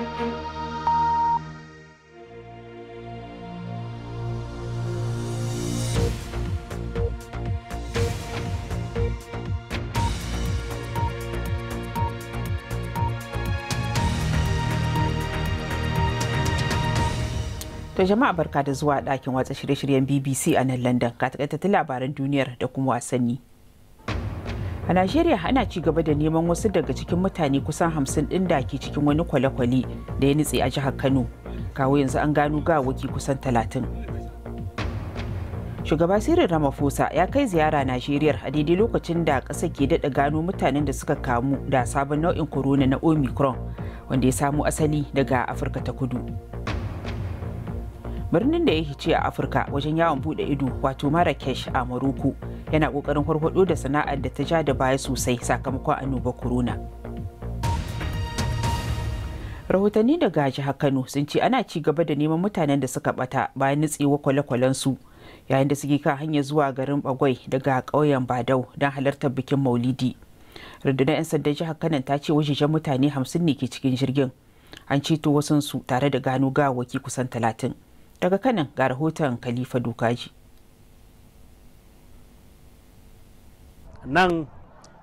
To jama'a barka da zuwa ɗakin watsa shirye-shiryen BBC a nan London ka labaran duniyar da kuma wasanni. a najeriya ana ci gaba da neman wasu daga cikin mutane kusan hamsin ɗin da ke cikin wani kwale-kwale da ya nitse a jihar kano kawo yanzu an gano gawaki kusan talatin shugaba sirrin ramaphosa ya kai ziyara najeriya a daidai lokacin da ƙasa ke daɗa gano mutanen da suka kamu da sabon nau'in corona na omicron wanda ya samo asali daga afirka ta kudu birnin da ya hice a afirka wajen yawon buɗe ido wato marrakesh a morocco yana kokarin farfaɗo da sana'ar da ta ja da baya sosai sakamakon annobar corona. rahotanni daga jihar kano sun ce ana ci gaba da neman mutanen da suka bata bayan nutsewa kwale-kwalen su yayin da suke kan hanyar zuwa garin bagwai daga ƙauyen badau don halartar bikin maulidi rundunar 'yan sandan jihar kano ta ce wajejen mutane hamsin ne ke cikin jirgin an ceto wasansu tare da gano gawaki kusan talatin daga kanan ga rahoton kalifa dokaji nan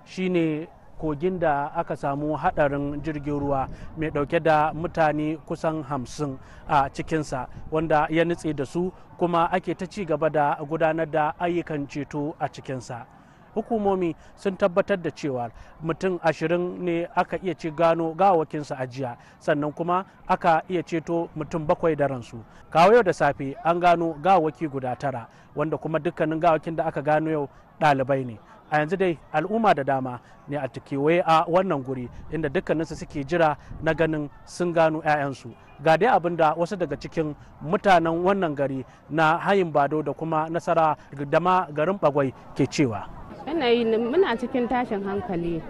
shine kogin da aka samu hadarin jirgin ruwa mai dauke da mutane kusan hamsin a cikinsa wanda ya nutse da su kuma ake ta ci gaba da gudanar da ayyukan ceto a cikinsa hukumomi sun tabbatar da cewa mutum ashirin ne aka iya ci gano gawakinsa a jiya sannan kuma aka iya ceto mutum bakwai da ransu kawo yau da safe an gano gawaki guda tara wanda kuma dukkanin gawakin da aka gano yau ɗalibai ne a yanzu dai al'umma da dama ne a kewaye a wannan guri inda dukkaninsu suke jira na ganin sun gano 'ya'yansu ga dai abin da wasu daga cikin mutanen wannan gari na hayin bado da kuma nasara da ma garin bagwai ke cewa muna cikin tashin hankali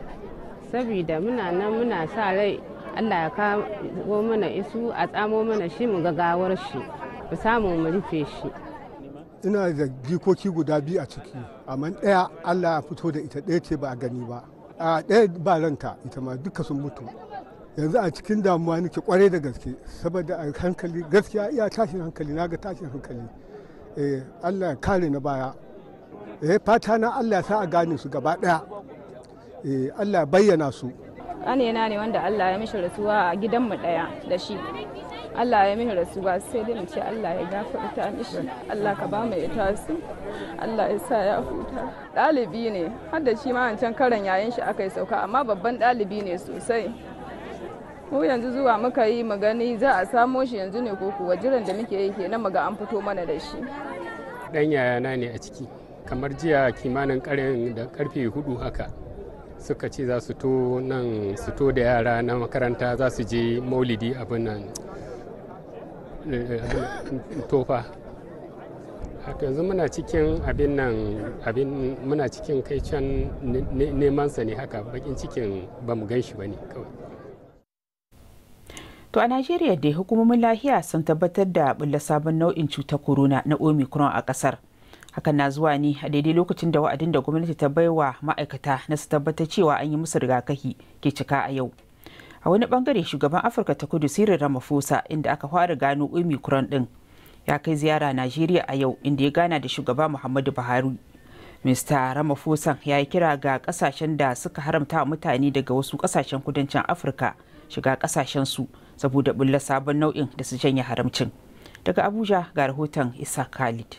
saboda muna nan muna sa rai allah ya kawo mana isu a tsamo mana shi mu gawar shi mu samu mu rufe shi ina da jikoki guda biyu a ciki amma ɗaya allah ya fito da ita ɗaya ce ba a gani ba a ɗaya ba ranta ita ma duka sun mutu yanzu a cikin damuwa nake kwarai da gaske saboda a hankali gaskiya iya tashin hankali na ga tashin hankali eh, allah ya kare na baya eh fata na allah ya sa a gane su gaba ɗaya eh allah ya bayyana su ƙanena ne wanda allah ya mishi rasuwa a gidanmu ɗaya da shi Allah ya mihi rasuwa sai dai mu ce Allah ya gafarta mishi Allah ka ba mai tasu Allah ya sa ya huta ɗalibi ne har da shi ma can karan yayin shi aka yi sauka amma babban ɗalibi ne sosai mu yanzu zuwa muka yi mu gani za a samo shi yanzu ne ko kuwa jiran da muke yi kenan mu an fito mana da shi dan yayana ne a ciki kamar jiya kimanin karen da karfe hudu haka suka ce za su to nan su to da yara na makaranta za su je maulidi abin nan tofa haka yanzu muna cikin abin nan abin muna cikin kai can neman sa ne haka bakin cikin ba mu gan shi ba ne kawai to a najeriya dai hukumomin lahiya sun tabbatar da bulla sabon nau'in cutar corona na omicron a kasar hakan na zuwa ne a daidai lokacin da wa'adin da gwamnati ta baiwa ma'aikata na su tabbatar cewa an yi musu rigakafi ke cika a yau a wani bangare shugaban afirka ta kudu sirin ramaphosa inda aka fara gano omicron din ya kai ziyara najeriya a yau inda ya gana da shugaba muhammadu buhari mista ramaphosa ya yi kira ga kasashen da suka haramta mutane daga wasu kasashen kudancin afirka shiga kasashen su saboda bulla sabon nau'in da su janye haramcin daga abuja ga rahoton isa khalid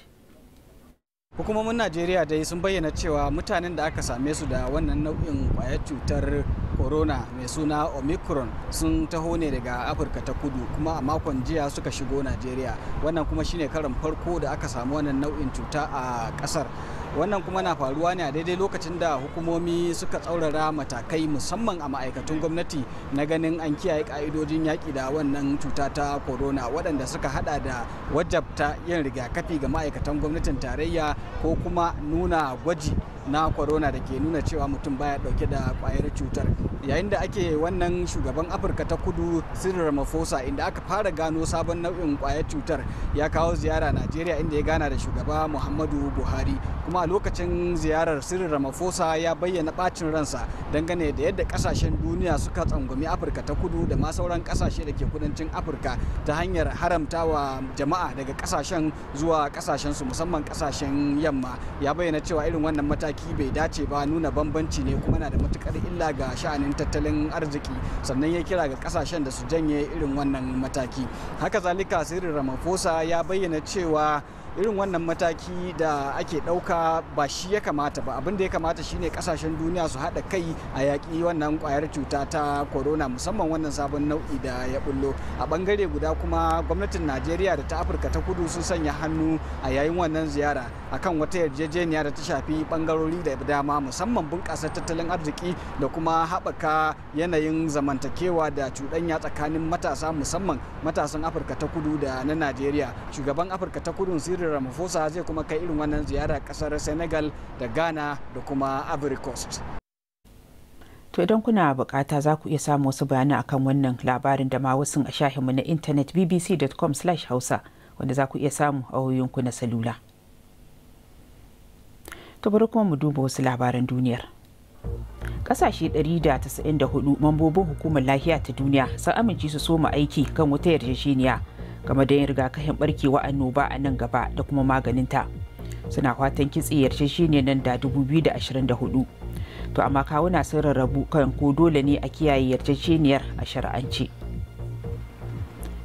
hukumomin najeriya dai sun bayyana cewa mutanen da aka same su da wannan nau'in kwayar cutar corona mai suna omicron sun taho ne daga afirka ta kudu kuma a makon jiya suka shigo najeriya wannan kuma shine karin farko da aka samu wannan nau'in cuta a kasar wannan kuma na faruwa ne a daidai lokacin da hukumomi suka tsaurara matakai musamman a ma'aikatun gwamnati na ganin an kiyaye ka'idojin yaƙi da wannan cuta ta corona waɗanda suka hada da wajabta yin rigakafi ga ma'aikatan gwamnatin tarayya ko kuma nuna gwaji na corona da ke nuna cewa mutum baya dauke da kwayar cutar yayin da ake wannan shugaban afirka ta kudu cyril ramaphosa inda aka fara gano sabon nau'in kwayar cutar ya kawo ziyara najeriya inda ya gana da shugaba muhammadu buhari kuma a lokacin ziyarar cyril ramaphosa ya bayyana bacin ransa dangane da yadda kasashen duniya suka tsangwami afirka ta kudu da ma sauran kasashe da ke kudancin afirka ta hanyar haramtawa jama'a daga kasashen zuwa kasashen su musamman kasashen yamma ya bayyana cewa irin wannan mataki mataki bai dace ba nuna bambanci ne kuma na da matukar illa ga sha'anin tattalin arziki sannan ya kira ga kasashen da su janye irin wannan mataki haka zalika sirrin ramaphosa ya bayyana cewa irin wannan mataki da ake ɗauka ba shi ya kamata ba abinda ya kamata shine kasashen duniya su haɗa kai a yaƙi wannan kwayar cuta ta corona musamman wannan sabon nau'i da ya bullo a ɓangare guda kuma gwamnatin najeriya da ta afirka ta kudu sun sanya hannu a yayin wannan ziyara akan wata yarjejeniya da ta shafi ɓangarori da dama musamman bunƙasa tattalin arziki da kuma haɓaka yanayin zamantakewa da cuɗanya tsakanin matasa musamman matasan afirka ta kudu da na najeriya shugaban afirka ta kudu sirri Cyril Ramaphosa zai kuma kai irin wannan ziyara kasar Senegal da Ghana da kuma Ivory Coast. To idan kuna bukata za ku iya samu wasu bayanan akan wannan labarin da ma wasu a shahinmu na intanet bbc.com/hausa wanda za ku iya samu a wayoyinku na salula. To bari kuma mu duba wasu labaran duniyar. kasashe 194 mambobin hukumar lafiya ta duniya sun amince su soma aiki kan wata yarjejeniya game da yin rigakafin barkewa annoba a nan gaba da kuma maganin ta suna fatan kitse shi ne nan da 2024 to amma kawuna sun rarrabu kan ko dole ne a kiyaye yarjejeniyar a shari'ance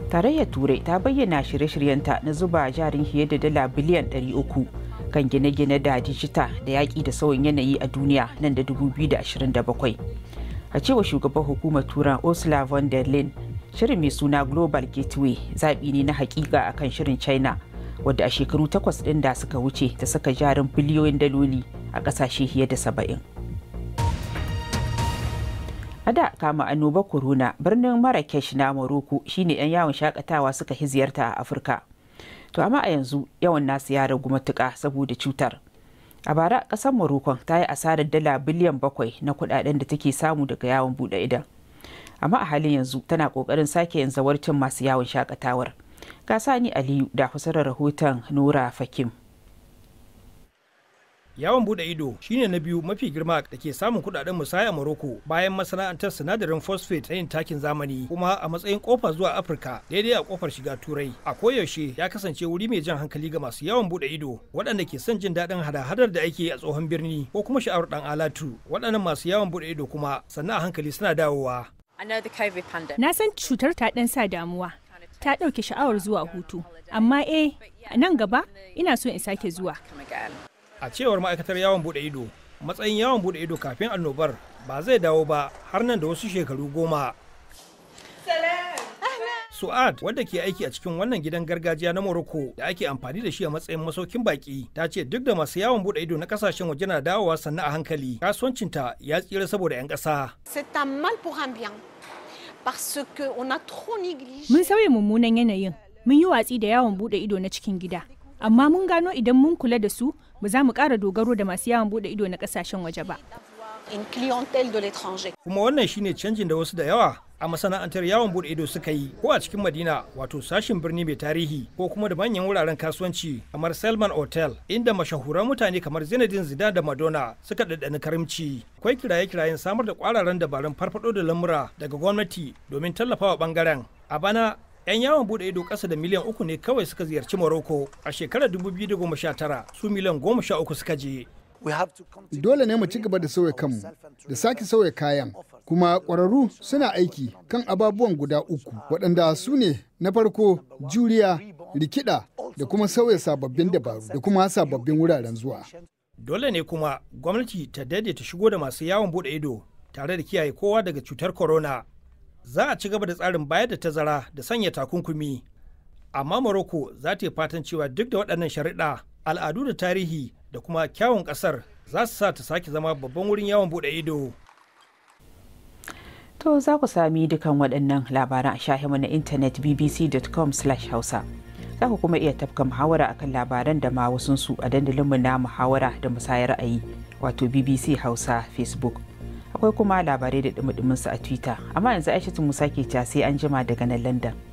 tarayyar turai ta bayyana shirye-shiryenta na zuba jarin fiye da dala biliyan 300 kan gine-gine da dijita da yaƙi da sauyin yanayi a duniya nan da 2027 a cewa shugaban hukumar turan ursula von der leyen shirin mai suna global gateway zaɓi ne na hakika akan shirin china wadda a shekaru takwas ɗin da suka wuce ta saka jarin biliyoyin daloli a ƙasashe fiye da saba'in a da kama annoba corona birnin marrakesh na morocco shine 'yan yawon shakatawa suka yi ziyarta a afirka to amma a yanzu yawan nasu ya ragu matuka saboda cutar a bara ƙasar morocco ta yi asarar dala biliyan bakwai na kuɗaɗen da take samu daga yawon buɗe idan amma a halin yanzu tana kokarin sake yin zawarcin masu yawon shakatawar ga sani aliyu da fasarar rahoton nura fakim yawon bude ido shine na biyu mafi girma da ke samun kudaden musaya a Morocco bayan masana'antar sinadarin phosphate ta yin takin zamani kuma a matsayin kofa zuwa Afirka daidai a kofar shiga Turai a koyaushe ya kasance wuri mai jan hankali ga masu yawon bude ido waɗanda ke son jin daɗin hada-hadar da ake a tsohon birni ko kuma sha'awar dan alatu waɗannan masu yawon bude ido kuma sannan a hankali suna dawowa Na san cutar ta ɗan sa damuwa, ta ɗauke sha'awar zuwa hutu, amma eh nan gaba ina so in sake zuwa. A cewar ma'aikatar yawon buɗe ido, matsayin yawon buɗe ido kafin annobar ba zai dawo ba har nan da wasu shekaru goma. Su'ad wadda ke aiki a cikin wannan gidan gargajiya na Morocco da ake amfani da shi a matsayin masaukin baki ta ce duk da masu yawon bude ido na kasashen waje na dawowa sannan a hankali kasuwancin ta ya tsira saboda 'yan ƙasa. C'est un mal Mun sauya mummunan yanayin mun yi watsi da yawon bude ido na cikin gida amma mun gano idan mun kula da su ba za mu ƙara dogaro da masu yawon bude ido na kasashen waje ba. Kuma wannan shine canjin da wasu da yawa a masana'antar yawon bude ido suka yi ko a cikin madina wato sashin birni mai tarihi ko kuma da manyan wuraren kasuwanci kamar selman hotel inda mashahuran mutane kamar zinedine zidane da madonna suka ɗaɗɗani karimci akwai kiraye-kirayen samar da kwararan dabarun farfaɗo da lamura daga gwamnati domin tallafawa bangaren a bana 'yan yawon bude ido ƙasa da miliyan uku ne kawai suka ziyarci morocco a shekarar 2019 su miliyan goma sha uku suka je Dole ne mu ci gaba da sauya kanmu, da sake sauya kayan, kuma ƙwararru suna aiki kan ababuwan guda uku waɗanda su ne na farko juriya, rikida da kuma sauya sababbin dabaru da kuma sababbin wuraren zuwa. Dole ne kuma gwamnati ta daidaita shigo da masu yawon bude ido tare da kiyaye kowa daga cutar corona. Za a ci gaba da tsarin bayar da tazara da sanya takunkumi. Amma Maroko za ta yi fatan cewa duk da waɗannan shari'a al'adu da tarihi da kuma kyawun kasar za su sa ta sake zama babban wurin yawon bude ido. To za ku sami dukan waɗannan labaran a shahinmu na intanet bbc.com/hausa. Za ku kuma iya tafka muhawara akan labaran da ma wasu su a dandalinmu na muhawara da musayar ra'ayi wato BBC Hausa Facebook. Akwai kuma labarai da su a Twitter, amma yanzu Aishatu Musa ke sai an jima daga nan London.